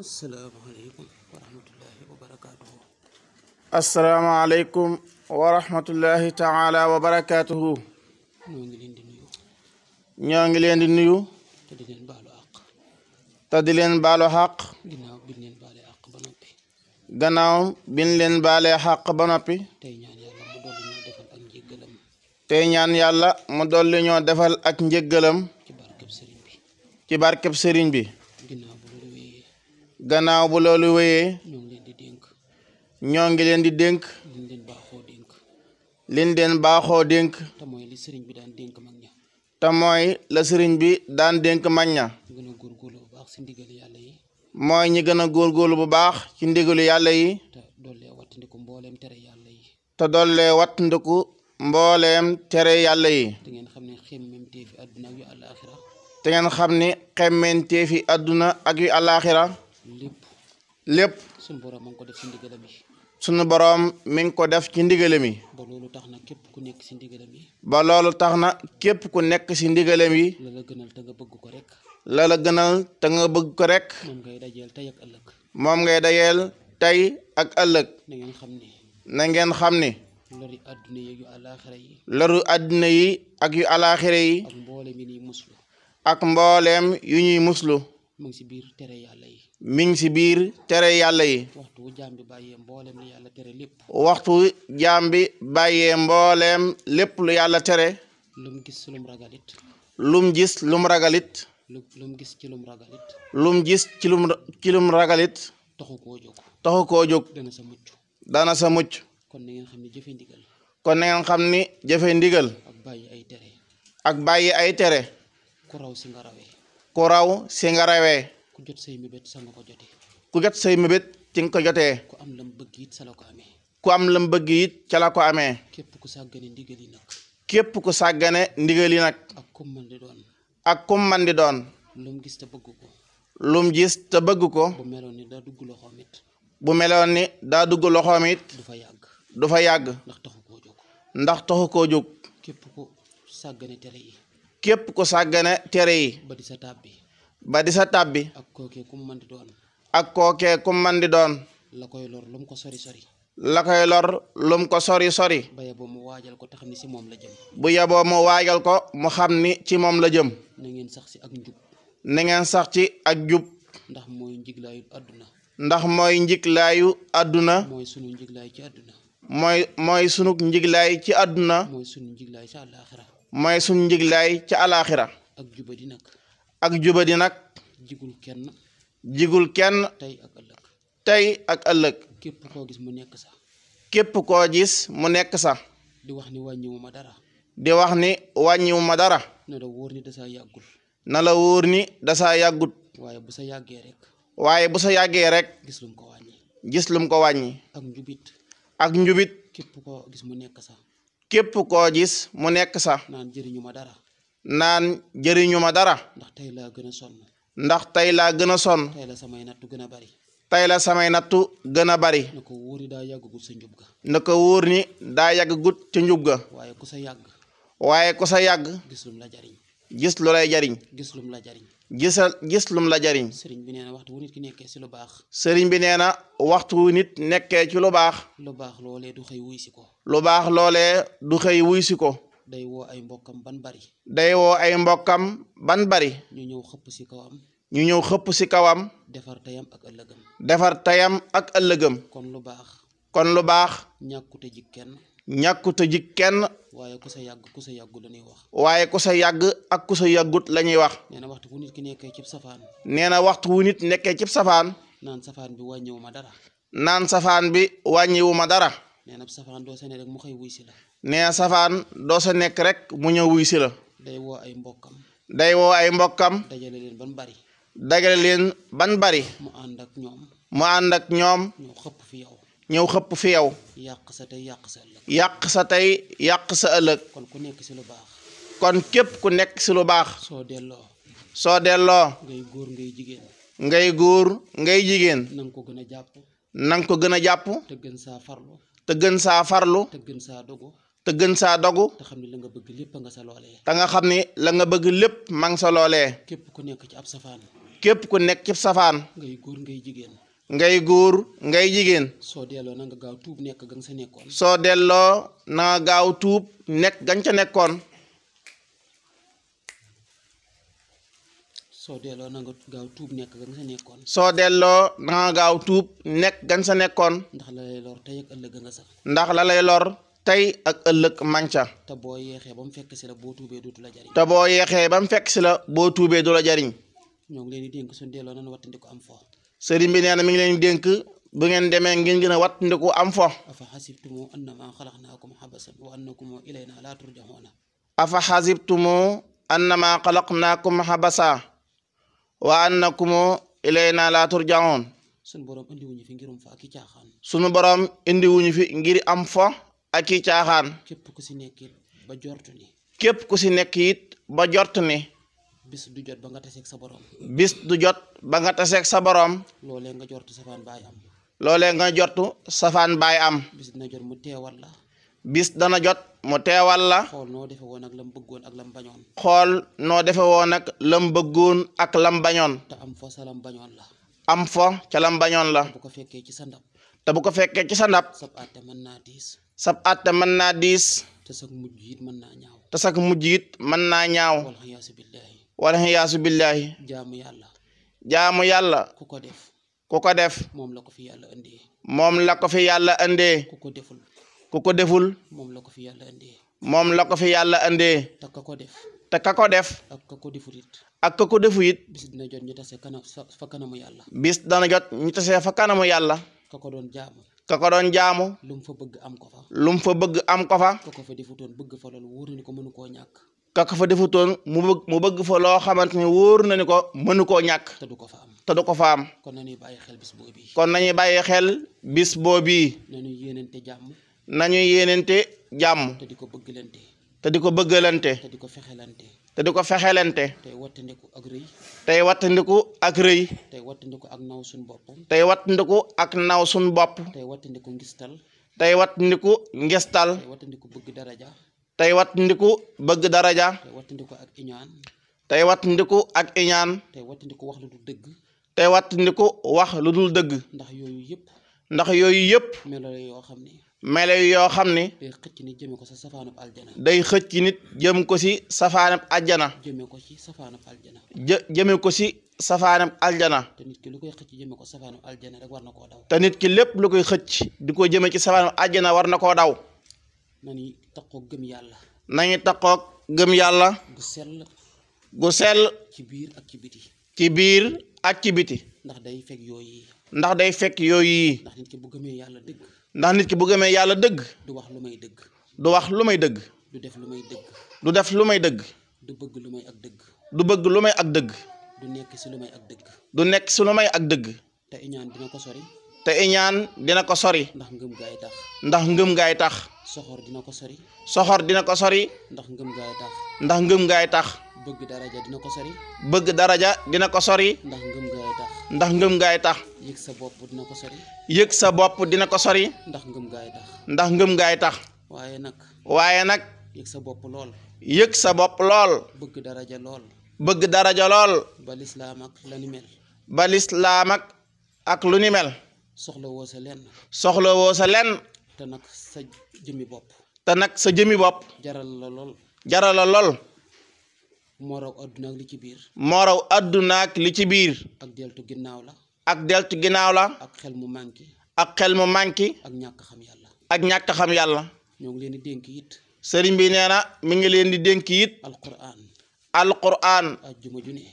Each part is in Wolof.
asalaamaaleykum wa rahmatullahi wa barakaatuhu. asalaamaaleykum wa rahmatullahi taala wa ngi leen di nuyu. te di leen baalu gannaaw bi ñu leen baalee àq ba noppi. tey ñaan yàlla mu dolli ñoo defal ak njëggalam. ñoo defal ak njëggalam. ci barkeb sëriñ sëriñ bi. gannaaw bu loolu wéyee ñoo leen di dénk ñoo ngi leen di dénk leen baaxoo dénk liñ baaxoo dénk te mooy li sëriñ bi daan dénk mag te mooy la sëriñ bi daan dénk mag ña ñu gën a góorgóorlu yàlla yi mooy ñi gën a góorgóorlu bu baax ci ndigalu yàlla yi te dollee wattandiku mbooleem tere yàlla yi te dollee wattandiku mbooleem tere yàlla yi te ngeen xam ne xemmeenteefi àdduna ak yu te ngeen xam ne xemmeenteefi àdduna ak yu àllaaxira lépp lépp. sunu borom ko def ci ndigalam yi. sunu borom mi ngi ko def ci ndigalam yi. ba loolu tax na képp ku nekk ci ndigalam yi. ba loolu tax na képp ku nekk ci ndigalam yi. la la gënal te nga bëgg ko rek. la la gënal bëgg ko rek. moom ngay dajeel tey ak ëllëg. moom tey ak ëllëg. na xam ni. na ngeen xam ni. loru àdduna yi ak yu alaaxira yi. àdduna yi ak yu alaaxira yi. ak mbooleem yu ak mbooleem yu ñuy muslu. mi si biir tere yàlla yi. mi ngi si biir tere yàlla yi. waxtu jaam bi bàyyee mbooleem yàlla tere lépp. waxtu jaam bi bàyyee mbooleem lépp lu yàlla tere. lum gis lum ragalit. lum gis lum gis ci lum ragalit. lum gis ci lum ci lum ragalit. taxu ko jóg. dana sa mucc. dana sa mucc. kon na ngeen xam ni jëfe ndigal. ak bàyyi ay tere. ku raw si nga ku raw si nga rawee. ku jot say mébét sa ko jotee. ku jot say mébét ci nga ko jotee. ku am lam bëgg it sa la ko amee. ku am lam bëgg it ca la ko amee. képp ku sàggane ndigal yi nag. képp ku sàggane ndigal yi nag. ak kum man di doon. ak kum man di doon. lum gis te bëgg ko. lum gis te bëgg ko. bu meloon ni daa dugg loxoom it. bu meloon ni daa dugg loxoom it. du fa yàgg. du yàgg. ndax taxu koo jóg. ndax taxu koo jóg. képp ku sàggane tere yi. képp ku sàggane téere yi. ba di sa tàbbi. ba di sa tàbbi. ak kookee kum man di doon. ak kookee kum man di doon. la koy lor lum ko sori sori. la koy lor lum ko sori sori. bu yaboo mu waajal ko te xam moom la jëm. bu yaboo mu waajal ko mu xam ni ci moom la jëm. na ngeen sax ci ak njub. na ngeen sax ci ak njub. ndax mooy njiglaayu àdduna. ndax mooy njiglaayu àdduna. mooy sunu njiglaay ci àdduna. mooy mooy sunu njiglaay ci àdduna mooy sunu njiglaay ci àlaaxira mooy sunu njiglaay ci àlaaxira ak jubadi nag ak jubadi nag jigul kenn jigul kenn tey ak ëllëg tey képp koo gis mu nekk sa képp koo gis mu nekk sa di wax ni wàññiwu ma dara di wax ni wàññiwu ma dara na la wóor ni dasaa na la wóor ni dasaa yàggut waaye bu sa yàggee rek waaye bu sa yàggee rek gis ko wàññi lum ko wàññi ak njubit ak njubit képp ko gis mu nekk sax képp koo gis mu nekk sa naan jëriñu ma dara naan jëriñu ma dara ndax tey la gën a sonn ndax tey laa gën a sonn tey la samay nattu gën a bari tey la samay nattu gën a bari na ko wóor ni daa yàggagut sa njub ga na ko wóor ni daa yàggagut ca njub waaye ku sa yàgg waaye ko sa yàgg gis lum jariñ gis lu lay jariñ gis lum la jariñ gisal gis la jariñ sëriñ bi nee na waxtu wu nit ki nekkee ci lu baax sëriñ bi nee na waxtu wu nit nekkee ci lu baax lu baax loolee du xëy wuy si ko lu baax loole du xëy wuy si ko day woo ay mbokkam ban bari day woo ay mbokkam ban bari ñu ñëw xëpp si kawam ñu ñëw xëpp si kawam defar tayam ak ëllëgam defar tayam ak ëllëgam kon lu baax kon lu baax ñàkkute jik kenn ñàkkut a jig kenn. waaye ku sa yàgg ku sa yàggut la wax. waaye ku sa yàgg ak ku sa yàggut la ñuy wax. nee na waxtu wu nit ki nekkee cib safaan. nee na waxtu wu nit nekkee cib safaan. naan safaan bi wàññiwu ma dara. naan safaan bi wàññiwu ma dara. nee na safaan doo sa ne rek mu xëy wuy si la. nee safaan doo sa nekk rek mu ñëw wuy si la. day woo ay mbokkam. day woo ay mbokkam. dajale leen ban bari. dajale leen ban bari. mu ànd ak ñoom. mu ànd ak ñoom. xëpp fi ñëw xëpp fi yow. yàq sa tey yàq sa ëllëg. yàq sa tey yàq sa ëllëg. kon ku nekk si lu baax. kon képp ku nekk si lu baax. soo delloo. soo delloo. ngay góor ngay jigéen. ngay góor ngay jigéen. na ko gën a jàpp. na ko gën a jàpp. te gën saa farlu. te gën saa gën saa dogu. te gën saa dogu. te xam ne la nga bëgg lépp nga sa loolee. nga xam ne la nga bëgg lépp ma sa loolee. képp nekk ci ab safaan. képp ku nekk ci safaan. ngay góor ngay jigéen. soo delloo na nga gaaw tuub nekk ga sa nekkoon. soo delloo na gaaw tuub nekk ga nga nekkoon. soo delloo na nga gaaw tuub nekk ga soo delloo na gaaw tuub nekk ga sa nekkoon. ndax la lay lor tey ak ëllëg nga sa. ndax la lay lor tey ak ëllëg manca te boo yeexee ba mu fekk si la boo tuubee dootu la jariñ. te boo yeexee ba mu fekk si la boo tuubee du la jariñ. ñoo ngi leen di dénk suñu delloo nañu wattandiku am fo. sëriñ bi nee na mi ngi leen dénk bu ngeen demee ngeen gën a wat ndiku am fo afa xasibtumu annama xalaqnaakum xabasan na annakum ilayna laa turjaxuuna afa xasibtumu annama xabasa wa annakum ilayna laa turjaxuun sunu borom indi fi ngir am fo ak borom indi fi ngir am fo ak i caaxaan képp ku si nekk ba jort ni képp ku si nekk it ba jort bis du jot ba nga taseeg sa borom. bis du jot ba nga taseeg sa borom. loolee nga jortu safaan baay am. loolee nga baay am. bis dina jot mu teewal la. bis dana jot mu teewal la. xool noo defe woon ak lam bëggoon ak lam bañoon. xool noo defe woon ak lam bëggoon ak lam bañoon. am foo sa lam bañoon la. am fo ca lam bañoon la. te bu ko fekkee ci sa ndab. te bu ko fekkee ci sa ndab. sab àtte mën naa diis. sab àtte mën naa diis. te sag mujj it mën naa ñaaw. wala xiyaasu billahi jaamu yàlla jaamu yàlla ku ko def ku ko def moom la ko fi yàlla indee moom la ko yàlla indee ku ko deful ku ko deful moom la ko fi yàlla moom la ko yàlla indee te ka ko def te ka ko def ak ka ko deful it ak ka ko defu it bis dina jot ñu kanam fa kanamu yàlla bis dana jot ñu tase fa kanamu yàlla ka ko doon jaamu ka ko doon jaamu lu mu fa bëgg am ko fa lu mu fa bëgg am ko fa ka ko bëgg folol wur wóor ko mënu koo ñàkk kaka fa defutoon mu bëgg mu bëgg fa loo xamante ne wóor na ni ko mënu koo ñàkk. te du ko fa am te du ko fa am. kon nañuy bàyyi xel bis boobu. kon nañuy bàyyi xel bis boobu. nañuy yéenante jàmm. nañuy yéenante jàmm. te di ko bëggalante. te di ko bëggalante. di ko fexelante. te di ko fexelante. tey wattandiku ak rëy. tey wattandiku ak rëy. tey wattandiku ak naw suñu bopp. tey wattandiku ak naw suñu bopp. tey wattandiku ngistal. tey wattandiku ngistal. tey wattandiku bëgg daraja. tey wattandiku bëgg daraja. tey wattandiku ak iñaan. tey wattandiku ak iñaan. tey wattandiku wax lu dëgg. tey wattandiku wax lu dul dëgg. ndax yooyu yëpp. ndax yooyu yëpp. melo yoo xam ni. melo yoo xam ni. day xëcc nit jëme ko si safaanub aljana. day xëcc nit jëm ko si safaanub aljana. jëme ko si safaanub aljana. jë jëme ko si safaanam aljana. te nit ki lu koy xëcc jëme ko safaanam aljana rek war na koo daw. te nit ki lépp lu koy xëcc di ko jëme ci safaanam aljana war na koo daw. nañu taqoog gëm yàlla. nañu taqoog gëm yàlla. gu sell. gu sell. ci biir ak ci biti. ci biir ak ci ndax day fekk yooyu. ndax day fekk yooyu. ndax nit ki bu gëmee yàlla dëgg. ndax nit ki bu gëmee yàlla dëgg. du wax lu may dëgg. du wax lu may dëgg. du def lu may dëgg. du def lu may dëgg. du bëgg lu may ak dëgg. du bëgg lu may ak dëgg. du nekk si lu may ak dëgg. du nekk si lu may ak dëgg. te iñaan dina ko sori. te iñaan dina ko sori. ndax ngëm gaay tax. ndax ngëm gaay tax. soxor dina ko sori. soxor dina ko sori. ndax ngëm gaay tax. ndax ngëm gaay tax. bëgg daraja dina ko sori. bëgg daraja dina ko sori. ndax ngëm gaay tax. ndax ngëm gaay tax. yëg sa bopp dina ko sori. yëg sa bopp dina ko sori. ndax ngëm gaay tax. ndax ngëm gaay tax. waaye nag. waaye nag. yëg sa bopp lool. yëg sa bopp lool. bëgg daraja lool. bëgg daraja lool. ba lislaam ak la ni mel. ba lislaam ak lu ni mel. soxla woo sa lenn. sa lenn. te nag sa jëmi bopp. te nag sa jëmi bopp. jaral la lool. jaral lool. moo raw li ci biir. moo raw ak li ci biir. ak deltu ginnaaw la. ak deltu ginnaaw la. ak xel mu manqué. ak xel mu manqué. ak ñàkk xam yàlla. ak ñàkk xam yàlla. ñoo ngi leen di dénk it. sëriñ bi nee na mi ngi leen di dénk it. alquran. alquran. ajjuma ju ne.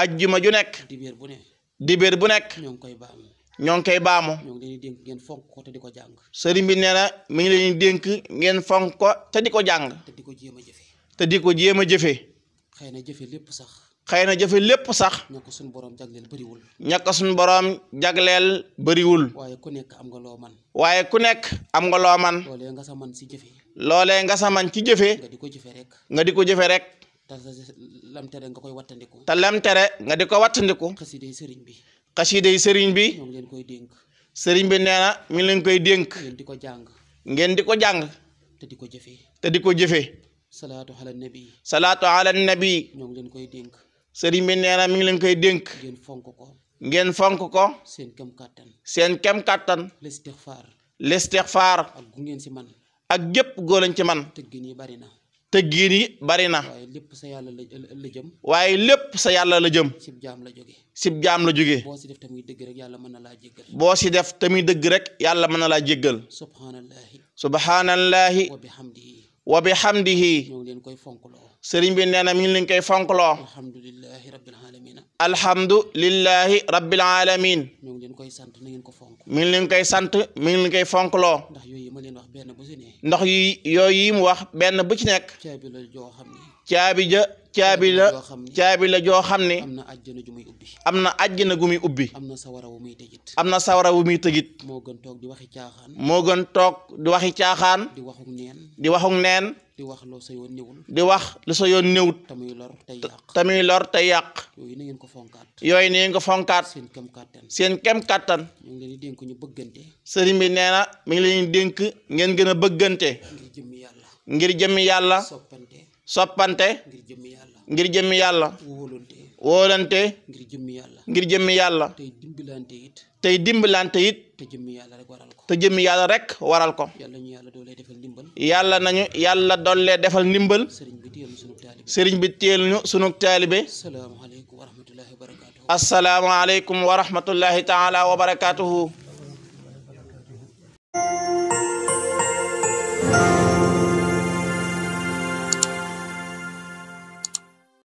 ajjuma ju nekk. dibéer bu ne. dibéer bu nekk. ñoo ngi koy baamu. ñoo ngi koy baamu. ñoo ngi leen dénk ngeen fonk ko di ko jàng. sëriñ bi nee na mi ngi leen di dénk ngeen fonk ko te di ko jàng. te di ko jéem a jëfee. te di ko jéem a jëfee. xëy na jëfe lépp sax. xëy na jëfe lépp sax. ña ko suñu borom jagleel bëriwul. ña ko suñu borom jagleel bariwul waaye ku nekk am nga loo man. waaye ku nekk am nga loo man. nga sa man ci jëfe. loole nga sa man ci jëfe. nga di ko jëfe rek. nga di ko jëfe rek. te lam tere nga koy wattandiku. ta lam tere nga di ko wattandiku. xasida yi sëriñ bi. xasida yi sëriñ bi ñoo ngi koy dénk sëriñ bi nee na leen koy dénk ngeen di ko jàng ngeen di ko jàng te di ko jëfe te di ko jëfee salaatu ala nabi salaatu ala ñoo ngi leen koy dénk sëriñ bi nee na mi ngi leen koy dénk ngeen fonk ko ngeen fonk ko seen kem kàttan seen kem kàttan listixfaar listixfaar ak ngeen si man ak gépp góolañ ci man tëggin yi bari na tëggiin yi bari na. waaye lépp sa yàlla la jëm. waaye lépp sa yàlla la jëm. sib jaam la jóge. sib jaam la jóge. boo si def tamit dëgg rek yàlla mën na laa jéggal. boo si def tamit dëgg rek yàlla mën na laa jéggal. subhaanallahi. wa bi hamdihi ñu ngi leen koy fonkloo sëriñ bi nee na mi ngi leen koy fonkloo alhamdulillahi rabbil alamin alhamdulillahi rabbil alamin ñu ngi leen koy sant na ngeen ko fonk mi leen koy sant mi ngi leen koy fonkloo ndax yooyu ma leen wax benn bu ci nekk ndax yooyu yi mu wax benn bu ci nekk caabi la joo xam ne caabi ja caabi la caabi la joo xam ne am na àjjana ju muy ubbi am na àjjana gu muy ubbi am na sawara wu muy tëjit am na sawara wu muy tëjit moo gën toog di waxi caaxaan moo gën toog di waxi caaxaan di waxuk neen di waxuk neen di wax loo sa yoon néewul di wax lu sa yoon néewut tamuy lor te yàq tamuy lor tey yàq yooyu na ngeen ko fonkaat yooyu na ko fonkaat seen kem kàttan seen kem kàttan ñu ngi leen di dénk ñu sëriñ bi nee na mi ngi leen dénk ngeen gën a bëggante ngir jëmmi yàlla ngir jëmmi yàlla soppante soppante ngir jëmmi yàlla ngir jëmmi yàlla wóolante wóolante ngir jëmmi yàlla ngir jëmmi yàlla tey dimbalante it tey dimbalante it te jëmmi yàlla rek waral ko te jëmmi yàlla rek waral ko yàlla ñu yàlla doolee defal ndimbal yàlla nañu yàlla doolee defal ndimbal sëriñ bi téel ñu sunu taalibe sëriñ bi téel ñu sunu taalibe asalaamaaleykum wa rahmatullahi wa wa rahmatullahi